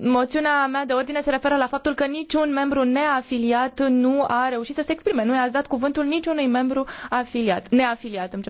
moiunea mea de ordine se referă la faptul că niciun membru neafiliat nu a reușit să se exprime. Nu i-ați dat cuvântul niciunui membru afiliat, neafiliat.